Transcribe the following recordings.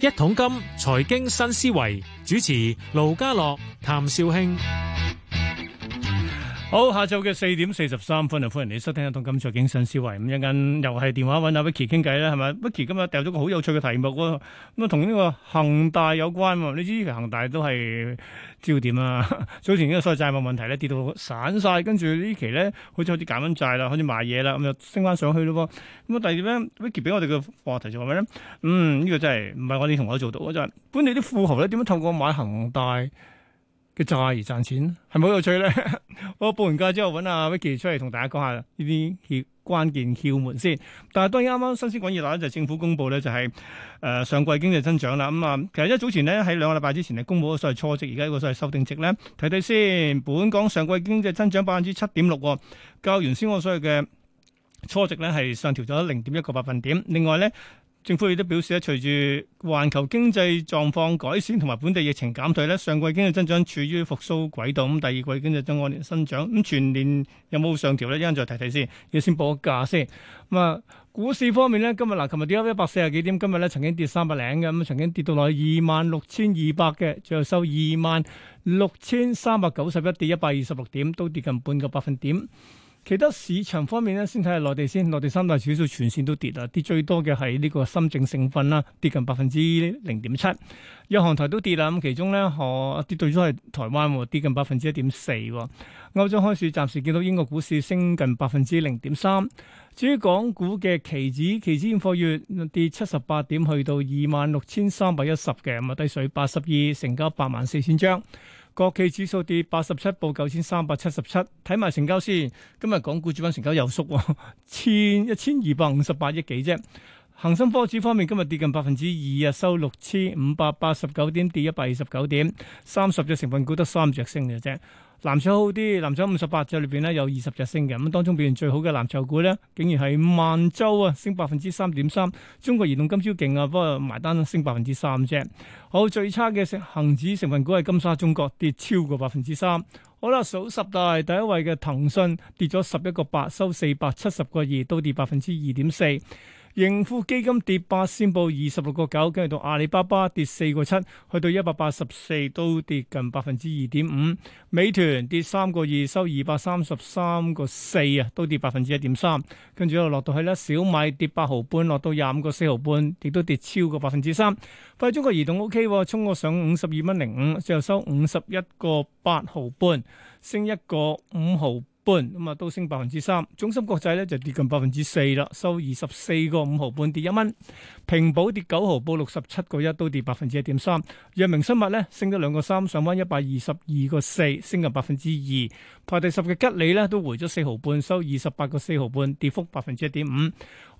一桶金財經新思維，主持盧家樂、譚紹興。好，下晝嘅四點四十三分啊，歡迎你收聽一同今次思維《一檔金財經新思維》。咁一陣間又係電話揾阿 Vicky 傾偈啦，係咪 Vicky 今日掉咗個好有趣嘅題目。咁啊同呢個恒大有關喎。你知依期恒大都係焦點啦。早前呢個所謂債務問題咧跌到散晒，跟住呢期咧好似有啲減溫債啦，好似賣嘢啦，咁就升翻上去咯。咁啊第二咧，Vicky 俾我哋嘅話題就話咩咧？嗯，嗯呢，呢嗯、這個真係唔係我哋同學做到嘅，就係、是、本地啲富豪咧點樣透過買恒大？佢就阿怡賺錢，係咪好有趣咧。我 報完價之後揾阿 Vicky 出嚟同大家講下呢啲啓關鍵竅門先。但係當然啱啱新鮮滾熱辣就是、政府公佈咧就係、是、誒、呃、上季經濟增長啦。咁、嗯、啊，其實一早前咧喺兩個禮拜之前咧公佈咗所謂初值，而家個所謂修訂值咧睇睇先。本港上季經濟增長百分之七點六，較原先我所謂嘅初值咧係上調咗零點一個百分點。另外咧。政府亦都表示咧，隨住環球經濟狀況改善同埋本地疫情減退咧，上季經濟增長處於復甦軌道，咁第二季經濟按年增長，咁全年有冇上調咧？一陣再提提先，要先報個價先。咁啊，股市方面咧，今日嗱，琴日跌咗一百四十幾點，今日咧曾經跌三百零嘅，咁曾經跌到落去二萬六千二百嘅，最後收二萬六千三百九十一，跌一百二十六點，都跌近半個百分點。其他市場方面咧，先睇下內地先。內地三大指數全線都跌啦，跌最多嘅係呢個深證成分啦，跌近百分之零點七。日韓台都跌啦，咁其中咧可、哦、跌到咗係台灣，跌近百分之一點四。歐洲開市暫時見到英國股市升近百分之零點三。至於港股嘅期指，期指現貨月跌七十八點，去到二萬六千三百一十嘅，咁啊低水八十二，成交八萬四千張。國企指數跌八十七，報九千三百七十七。睇埋成交先，今日港股主板成交有縮、哦，千一千二百五十八億幾啫。恒生科指方面，今日跌近百分之二啊，收六千五百八十九點，跌一百二十九點，三十隻成分股得三隻升嘅啫。藍籌好啲，藍籌五十八隻裏邊咧，有二十隻升嘅，咁當中表現最好嘅藍籌股咧，竟然係萬洲啊，升百分之三點三。中國移動今朝勁啊，不過埋單升百分之三啫。好，最差嘅成恒指成分股係金沙中國，跌超過百分之三。好啦，數十大第一位嘅騰訊跌咗十一個八，收四百七十個二，都跌百分之二點四。盈富基金跌八先報二十六個九，跟住到阿里巴巴跌四個七，去到一百八十四都跌近百分之二點五。美團跌三個二，收二百三十三個四啊，都跌百分之一點三。跟住一路落到去咧，小米跌八毫半，落到廿五個四毫半，亦都跌超過百分之三。快中國移動 OK，衝過上五十二蚊零五，最後收五十一個八毫半，升一個五毫。半咁啊，都升百分之三。中芯國際咧就跌近百分之四啦，收二十四個五毫半，跌一蚊。平保跌九毫，報六十七個一，都跌百分之一點三。藥明生物咧升咗兩個三，上翻一百二十二個四，升近百分之二。排第十嘅吉利咧都回咗四毫半，收二十八個四毫半，跌幅百分之一點五。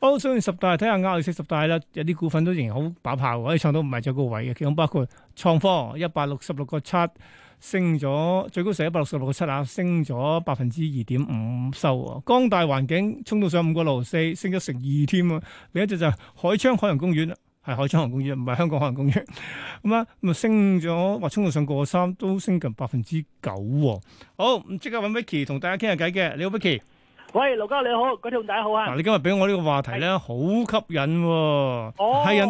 歐洲想十大睇下亞熱色十大啦，有啲股份都仍然好把炮，可以唱到唔係就高位嘅，其中包括創科一百六十六個七。升咗最高成一百六十六個七啊，升咗百分之二點五收喎。光大環境衝到上五個六四，升咗成二添啊！另一隻就係海昌海洋公園啦，係海昌海洋公園唔係香港海洋公園咁啊，咁、嗯、啊升咗，或衝到上個三都升近百分之九喎。好，即刻搵 Vicky 同大家傾下偈嘅，你好 Vicky。喂，盧哥你好，觀眾大家好啊。嗱，你今日俾我呢個話題咧，好吸引哦，係人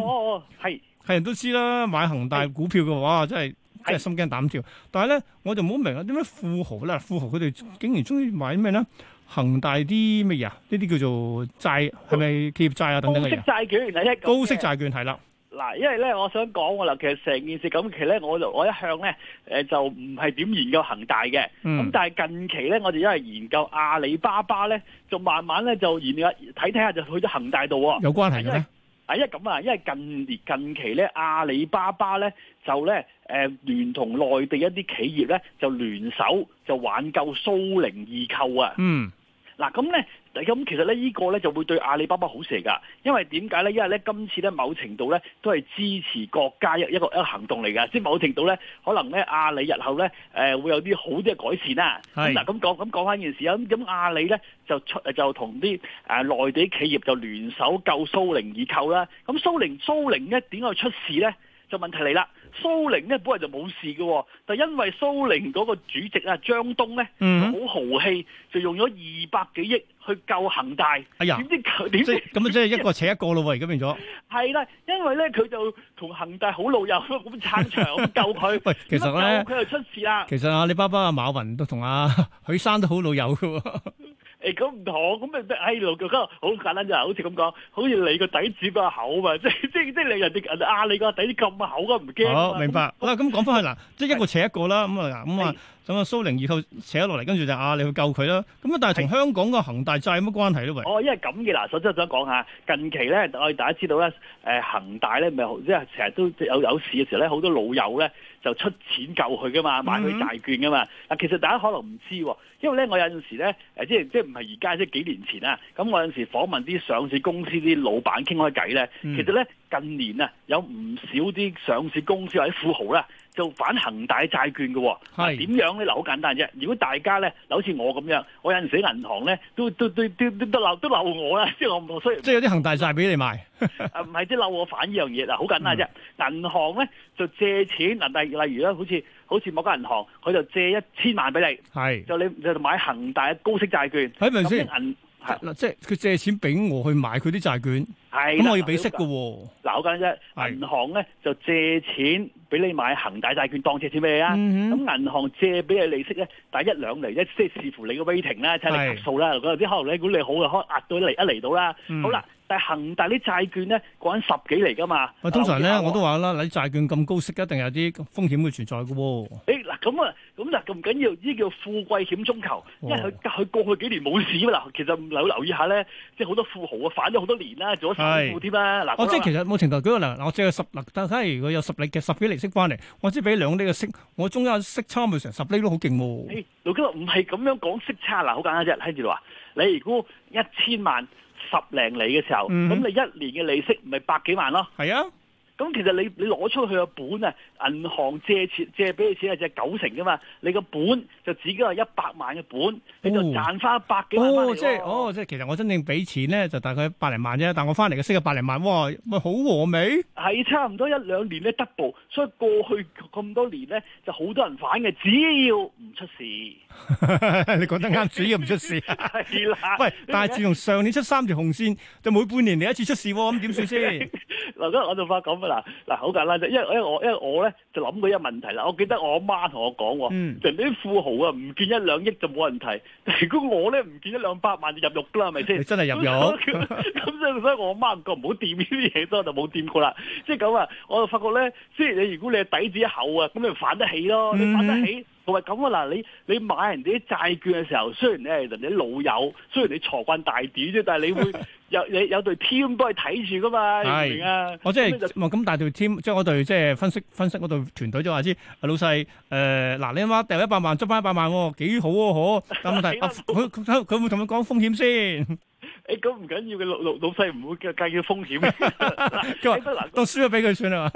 係人都知啦，買恒大股票嘅話，真係。即係、哎、心驚膽跳，但係咧我就冇明啊！點解富豪咧，富豪佢哋竟然中意買咩咧？恒大啲咩嘢啊？呢啲叫做債，係咪企業債啊？等等嘅債券，高息債券，係啦。嗱，因為咧，我想講嘅啦，其實成件事咁、嗯、其實咧，我就我一向咧，誒，就唔係點研究恒大嘅。咁但係近期咧，我哋因為研究阿里巴巴咧，就慢慢咧就研究睇睇下，看看就去咗恒大度喎。有關係嘅咩？啊，因為咁啊呢，因為近年近期咧，阿里巴巴咧。就咧，誒聯同內地一啲企業咧，就聯手就挽救蘇寧易購啊！嗯、mm. 啊，嗱咁咧咁其實咧，呢個咧就會對阿里巴巴好事嚟㗎。因為點解咧？因為咧，今次咧某程度咧都係支持國家一個、一個、一個、一個行動嚟㗎，即係某程度咧可能咧阿里日後咧誒、呃、會有啲好啲嘅改善啦。係，嗱咁講咁講翻件事啊。咁、mm. 啊啊、阿里咧就出就同啲誒內地企業就聯手救蘇寧易購啦。咁蘇寧蘇寧咧點去出事咧？就問題嚟啦。蘇寧咧本來就冇事嘅，但因為蘇寧嗰個主席啊張東咧好豪氣，就用咗二百幾億去救恒大。哎呀，點知救點知咁啊？即係一個扯一個咯，而家變咗。係啦，因為咧佢就同恒大好老友咁撐場救佢。 喂，就就其實咧佢又出事啦。其實阿里巴巴啊馬雲都同阿許生都好老友嘅。嚟咁唔妥，咁咪咩閪路腳？好簡單啫，好似咁講，好似你個底子比較厚啊嘛，即即即你人哋啊，你個底子咁厚啊唔驚。明白。好嗱，咁講翻去嗱， 即一個扯一個啦，咁啊嗱，咁啊咁啊蘇寧二號扯落嚟，跟住就啊你去救佢啦。咁啊但係同香港個恒大債有乜關係咧？喂，哦，因為咁嘅啦，首先我想講下近期咧，我哋大家知道咧，誒恒大咧咪即係成日都有常常有事嘅時候咧，好多老友咧，就出錢救佢噶嘛，買佢債券噶嘛。嗱，其實大家可能唔知啊，因為咧，我有陣時咧，誒，即係即係唔係而家，即係幾年前啊。咁我有陣時訪問啲上市公司啲老闆，傾開偈咧，其實咧近年啊，有唔少啲上市公司或者富豪啦。就反恒大債券嘅、哦，點是、啊、樣咧？好簡單啫。如果大家咧，嗱，好似我咁樣，我有陣時銀行咧，都都都都都留都留我啦， 以即係我唔需要。即係有啲恒大債俾你買，唔係啲留我反依樣嘢啊！好簡單啫。嗯、銀行咧就借錢，例例如啦，好似好似某間銀行，佢就借一千萬俾你，是你，就你就買恒大嘅高息債券，係咪先？係嗱，即係佢借錢俾我去買佢啲債券，係咁的我要俾息嘅、啊嗯。嗱，我講啫，銀行咧就借錢俾你買恒大債券，當借錢俾你啊。咁銀、嗯、哼行借俾你利息咧，第一兩厘咧，即係視乎你嘅 rating 咧，睇、就是、你級數啦。嗰啲的的可能你管理好啊，可壓到嚟，一嚟到啦。嗯、好啦。但係恒大啲債券咧，講緊十幾釐噶嘛？啊，通常咧我都話啦，你啲債券咁高息一定有啲風險會存在嘅喎。誒嗱咁啊，咁嗱咁唔緊要，呢叫富貴險中求，因為佢佢過去幾年冇市啦。其實有留意下咧，即係好多富豪啊，反咗好多年啦，做咗首富添啦。嗱，哦，即係其實冇前提，舉個例，嗱，我借個十，嗱，睇睇如果有十釐嘅十幾釐息翻嚟，我先俾兩釐嘅息，我中間息差咪成十釐都好勁喎。老竇唔係咁樣講息差嗱，好簡單啫，喺住話，你如果一千萬。十零釐嘅時候，咁、嗯、你一年嘅利息咪百幾萬咯？係啊。咁其實你你攞出去嘅本啊，銀行借錢借俾你錢係借九成嘅嘛，你個本就自己係一百萬嘅本，你就賺翻百幾萬。即係哦，哦，即係、哦、其實我真正俾錢咧就大概百零萬啫，但我翻嚟嘅息係百零萬，哇，咪好和味。係差唔多一兩年咧 double，所以過去咁多年咧就好多人反嘅，只要唔出事。 你講得啱，只要唔出事係、啊、啦。 喂，但係自從上年出三條紅線，就每半年嚟一次出事喎、啊，咁點算先？ 劉哥，我就話咁嗱嗱好簡單啫，因為因為我因為我咧就諗過一個問題啦。我記得我媽同我講，嗯、人哋啲富豪啊唔見一兩億就冇問題，但如果我咧唔見一兩百萬就入獄㗎啦，係咪先？你真係入獄？咁所以所以我媽唔覺唔好掂呢啲嘢，之後就冇掂過啦。即係咁啊，我就發覺咧，即係你如果你係底子厚啊，咁你反得起咯。你反得起同埋咁啊嗱，你你買人哋啲債券嘅時候，雖然你係人哋啲老友，雖然你錯慣，慣大點啫，但係你會。 有你有隊 team 都係睇住噶嘛，明唔明啊？我即係，咁大隊 team，將我隊即係分析分析嗰隊團隊就話知，阿老細，誒嗱，你啱啱掉一百萬，執翻一百萬，幾好喎，可？但問題，佢佢會同佢講風險先？誒，咁唔緊要嘅，老老老細唔會計計要風險。咁啊，嗱，都輸咗俾佢算啦。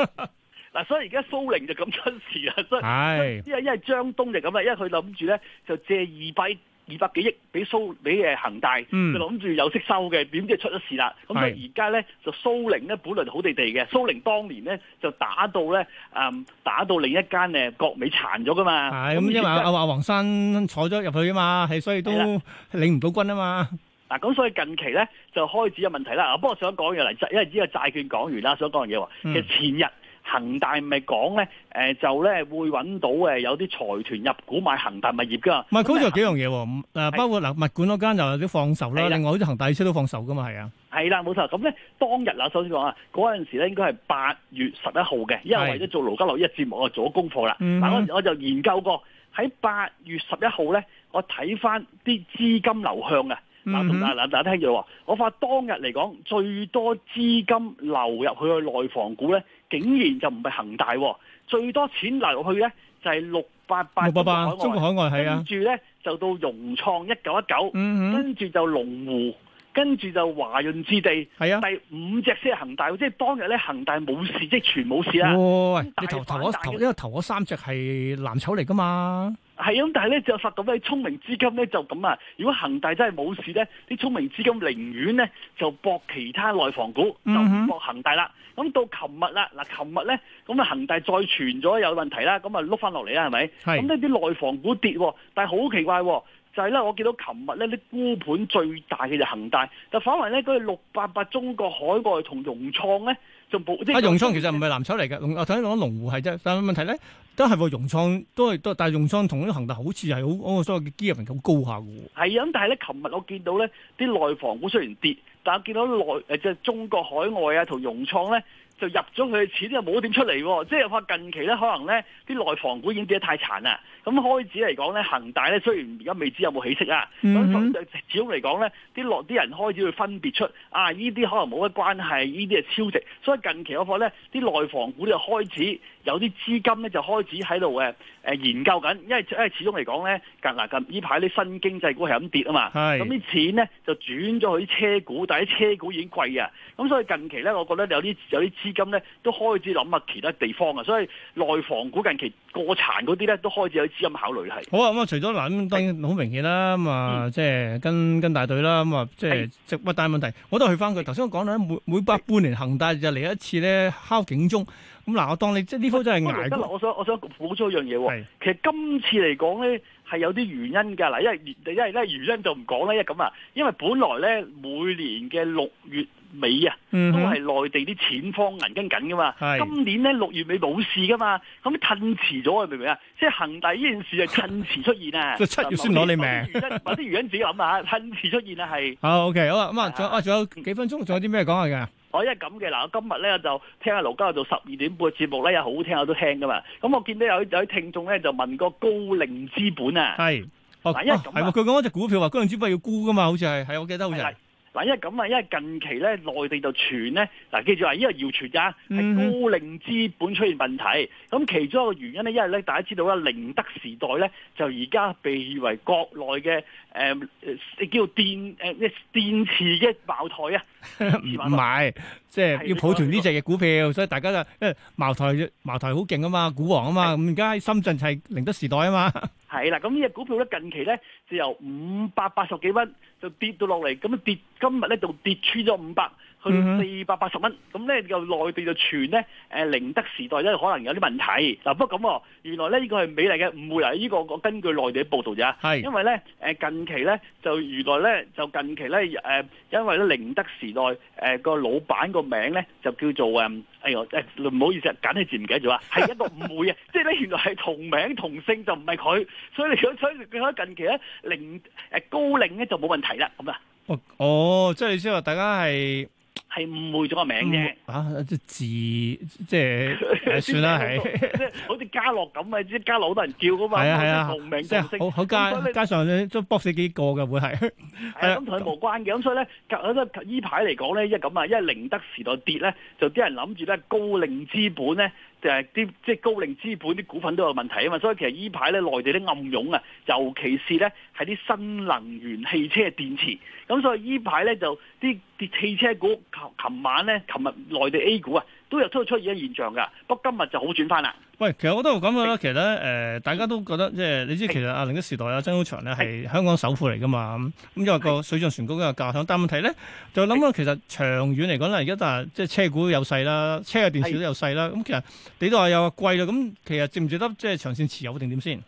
嗱，所以而家蘇寧就咁出事啦，真係。因為因為張東就咁啦，因為佢諗住咧就借二幣。二百幾億俾蘇俾誒恒大，就諗住有息收嘅，點知出咗事啦？咁啊而家咧就蘇寧咧本來就好地地嘅，蘇寧當年咧就打到咧誒、嗯、打到另一間誒國美殘咗噶嘛？係咁的因為阿阿黃生坐咗入去啊嘛，係所以都領唔到軍啊嘛。嗱的，咁、啊、所以近期咧就開始有問題啦。我不過想講嘢嚟，因為呢個債券講完啦，想講嘢話、嗯、其實前日。恒大咪講咧，誒就咧會揾到誒有啲財團入股買恒大物業噶，咪好似有幾樣嘢，誒包括嗱物管嗰間又有啲放售啦，另外好似恒大車都放售噶嘛，係啊，係啦冇錯，咁咧當日啊首先講啊，嗰陣時咧應該係八月十一號嘅，因為為咗做勞加樓呢一節目我做咗功課啦，嗱嗰陣時我就研究過喺八月十一號咧，我睇翻啲資金流向啊。嗱，同嗱嗱，大家聽住我發當日嚟講最多資金流入去嘅內房股咧，竟然就唔係恒大，最多錢流入去咧就係六八八中國海外，海外跟住咧、啊、就到融創一九一九，跟住就龍湖，跟住就華潤置地，係啊，第五隻先係恒大，即係當日咧恒大冇事，即係全冇事啊！喂喂是你投投咗頭，投因為頭三隻係藍籌嚟噶嘛。係咁，但係咧就實咁咧，聰明資金咧就咁啊！如果恒大真係冇事咧，啲聰明資金寧願咧就博其他內房股，就唔博恒大啦。咁、嗯、哼到琴日啦，嗱，琴日咧咁啊，恒大再傳咗有問題啦，咁啊碌翻落嚟啦，係咪？咁呢啲內房股跌，但係好奇怪，就係、是、咧，我見到琴日咧啲沽盤最大嘅就恒大，但反為咧佢六八八中國海外同融創咧。即啊！融創其實唔係藍籌嚟嘅，啊，頭先講龍湖係啫，但係問題咧都係個融創都係都，但係融創同呢啲恒大好似係好嗰個所謂嘅 gearing 好高下喎。係啊，但係咧，琴日我見到咧啲內房股雖然跌，但係我見到內誒即係中國海外啊同融創咧。就入咗佢嘅錢又冇點出嚟，即係怕近期咧可能咧啲內房股已經跌得太殘啦。咁開始嚟講咧，恒大咧雖然而家未知有冇起色啊，咁就始終嚟講咧，啲落啲人開始去分別出啊，呢啲可能冇乜關係，呢啲係超值。所以近期我覺得咧，啲內房股咧開始有啲資金咧就開始喺度嘅誒研究緊，因為因為始終嚟講咧，嗱嗱呢排啲新經濟股係咁跌啊嘛，咁啲錢咧就轉咗去車股，但係啲車股已經貴啊，咁所以近期咧我覺得有啲有啲。資金咧都開始諗下其他地方啊，所以內房股近期過殘嗰啲咧都開始有資金考慮係。好啊，咁、嗯、啊，除咗嗱咁，當然好明顯啦，咁啊、嗯，即係跟跟大隊啦，咁啊，即係即物乜單問題，我都去翻佢。頭先是我講啦，每每百半年恒大就嚟一次咧敲警鐘。咁嗱，我當你即係呢科真係捱得啦。我想我想補充一樣嘢喎，是其實今次嚟講咧。係有啲原因，㗎嗱，因為原因為咧原因就唔講啦因為咁啊，因為本來咧每年嘅六月尾啊，嗯、哼都係內地啲錢荒銀根緊噶嘛，是今年咧六月尾冇事噶嘛，咁褪遲咗啊，明唔明啊？即係恒大呢件事係褪遲出現啊，即 七月先攞你命。有啲原因自己諗下，褪遲出現啊，係。好，oh, OK，好啦，咁啊，仲啊，仲有幾分鐘，仲有啲咩講下嘅？我依家咁嘅，嗱我今日咧就聽下盧嘉佑做十二點半嘅節目咧，有好聽我都聽噶嘛。咁我見到有有啲聽眾咧就問過高瓴資本啊，係哦，因為，佢講嗰隻股票話高瓴資本要沽噶嘛，好似係，係我記得好似係。嗱，因為咁啊，因為近期咧，內地就傳咧，嗱，記住話，因為要傳啊，係高瓴資本出現問題，咁其中一個原因咧，因為咧，大家知道啦，寧德時代咧，就而家被譽為國內嘅誒，亦、呃、叫做電誒，即係電池嘅茅台啊，唔係。 即係要抱團呢隻嘅股票，所以大家就，因為茅台，茅台好勁啊嘛，股王啊嘛，咁而家喺深圳就係寧德時代啊嘛。係啦，咁呢隻股票咧近期咧就由五百八十幾蚊就跌到落嚟，咁樣跌今日咧就跌穿咗五百。去四百八十蚊，咁咧又內地就傳咧，誒寧德時代咧可能有啲問題。嗱不過咁喎，原來咧呢個係美麗嘅誤會嚟，呢個我根據內地嘅報道啫。係，因為咧誒近期咧就原來咧就近期咧誒，因為咧寧德時代誒個老闆個名咧就叫做誒，哎呦誒唔好意思，簡體字唔記得咗啊，係一個誤會啊，即係咧原來係同名同姓就唔係佢，所以你所以所以近期咧寧誒高瓴咧就冇問題啦，咁啊。哦，即係意思話大家係。係誤會咗個名嘅，啊字即係算啦，係。好似嘉樂咁啊，即係嘉樂好多人叫噶嘛，同、 啊啊、名即升、啊，好街街以上都卜死幾個嘅會係。係 啊，咁同佢無關嘅，咁 所以咧，依排嚟講咧，一咁啊，因為寧德時代跌咧，就啲人諗住咧高瓴資本咧。就係啲即係高瓴資本啲股份都有問題啊嘛，所以其實依排咧內地啲暗湧啊，尤其是咧喺啲新能源汽車電池，咁所以依排咧就啲啲汽車股，琴琴晚咧琴日內地 A 股啊。都有都出現咗現象㗎，不過今日就好轉翻啦。喂，其實我都咁樣啦。是其實咧，誒、呃，大家都覺得即係你知，其實阿零一時代啊，曾浩權咧係香港首富嚟㗎嘛，咁咁是因為個水漲船高嘅價響，但問題咧就諗到，其實長遠嚟講咧，而家但係即係車股有勢啦，車嘅電視都有勢啦，咁是其實你都話又貴啦，咁其實值唔值得即係長線持有定點先？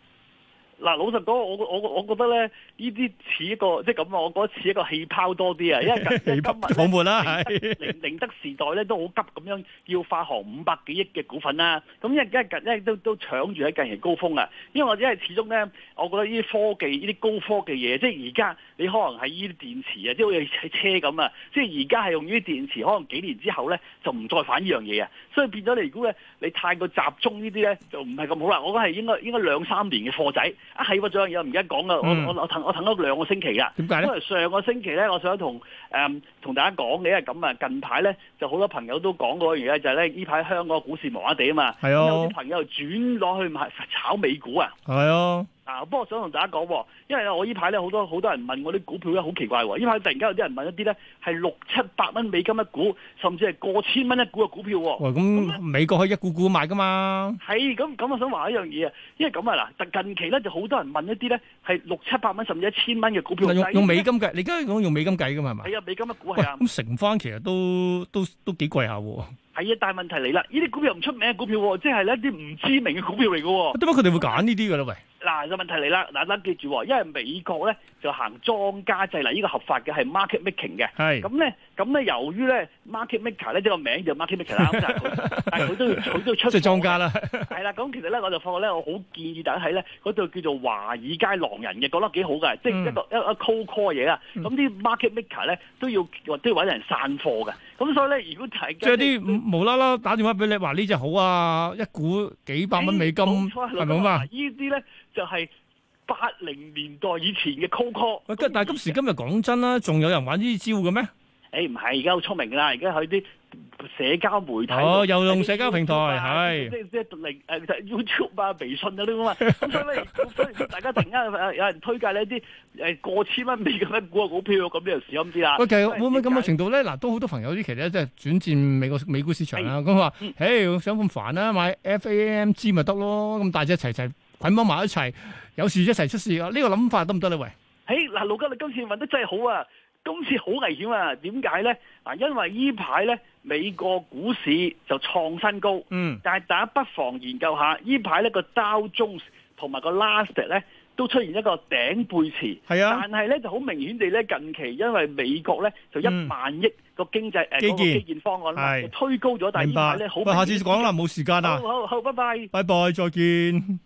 嗱，老實講，我我我覺得咧。呢啲似一個即係咁啊！我覺得似一個氣泡多啲啊，因為近今冇悶啦，係寧 德時代咧都好急咁樣要發行五百幾億嘅股份啦。咁一而家近咧都都搶住喺近期高峰啊。因為我因為始終咧，我覺得呢啲科技呢啲高科技嘢，即係而家你可能係呢啲電池啊，即係好似喺車咁啊。即係而家係用呢啲電池，可能幾年之後咧就唔再反依樣嘢啊。所以變咗你如果咧你太過集中呢啲咧就唔係咁好啦。我覺得係應該應該兩三年嘅貨仔，一係噃仲有嘢，我唔記得講啊，我我，我，我，我我等咗兩個星期啦，點解咧，因為上個星期咧，我想同誒同大家講嘅係咁啊，近排咧就好多朋友都講過嗰樣嘢，就係咧呢排香港股市麻麻地啊嘛，哦、有啲朋友轉攞去買炒美股啊，係啊、哦。嗱，不過、啊、想同大家講，因為我呢排咧好多好多人問我啲股票咧好奇怪喎，呢排突然間有啲人問一啲咧係六七百蚊美金一股，甚至係過千蚊一股嘅股票喎。喂，咁美國可以一股股買噶嘛？係，咁咁我想話一樣嘢啊，因為咁啊嗱，近期咧就好多人問一啲咧係六七百蚊甚至一千蚊嘅股票。用用美金計，就是、你而家講用美金計噶嘛？係嘛？係啊，美金一股係喂啊。咁乘翻其實都都都幾貴下、啊、喎。係啊，但問題嚟啦，呢啲股票唔出名嘅股票喎，即係一啲唔知名嘅股票嚟嘅。點解佢哋會揀呢啲㗎咧？喂？就問題嚟啦，嗱，大家記住，因為美國咧就行莊家制，嗱，呢個合法嘅係 market making 嘅，係咁咧，咁咧由於咧 market maker 咧，呢、這、係個名叫 market maker 啱曬 但係佢都要佢都要出莊家啦，係 啦，咁其實咧我就發覺咧，我好建議大家喺咧嗰度叫做華爾街狼人嘅，覺得幾好嘅，嗯、即係一個一一 cold call 嘢啊，咁啲、嗯、market maker 咧都要或者揾人散貨嘅。咁所以咧，如果睇即係啲無啦啦打電話俾你話呢隻好啊，一股幾百蚊美金，係咪嘛？呢啲咧就係八零年代以前嘅 call call。但係今時今日講真啦，仲有人玩呢啲招嘅咩？誒、欸，唔係，而家好聰明啦，而家佢啲。社交媒體哦，又用社交平台係，即係即係誒 YouTube 啊、微信啊啲咁嘛，咁所以大家突然間有人推介呢啲誒過千蚊、美金嘅股啊股票，咁你知小心啲啦。喂、就是，咁咩咁嘅程度咧？嗱，都好多朋友啲其實，即係轉戰美國美股市場啊。咁話、哎，嘿，哎、想咁煩啊，買 FAMG 咪得咯，咁、嗯、大隻齊齊捆綁埋一齊，有事就一齊出事啊？呢、這個諗法得唔得咧？喂，嘿、哎，嗱，老吉你今次問得真係好啊！今次好危險啊！點解咧？啊，因為依排咧美國股市就創新高，嗯，但係大家不妨研究下，依排咧個 Dow Jones 同埋個 Nasdaq 咧都出現一個頂背馳，係啊，但係咧就好明顯地咧近期因為美國咧就一萬億個經濟誒基建方案啦，推高咗，但係咧好，下次講啦，冇時間啦，好，好，拜拜，拜拜，再見。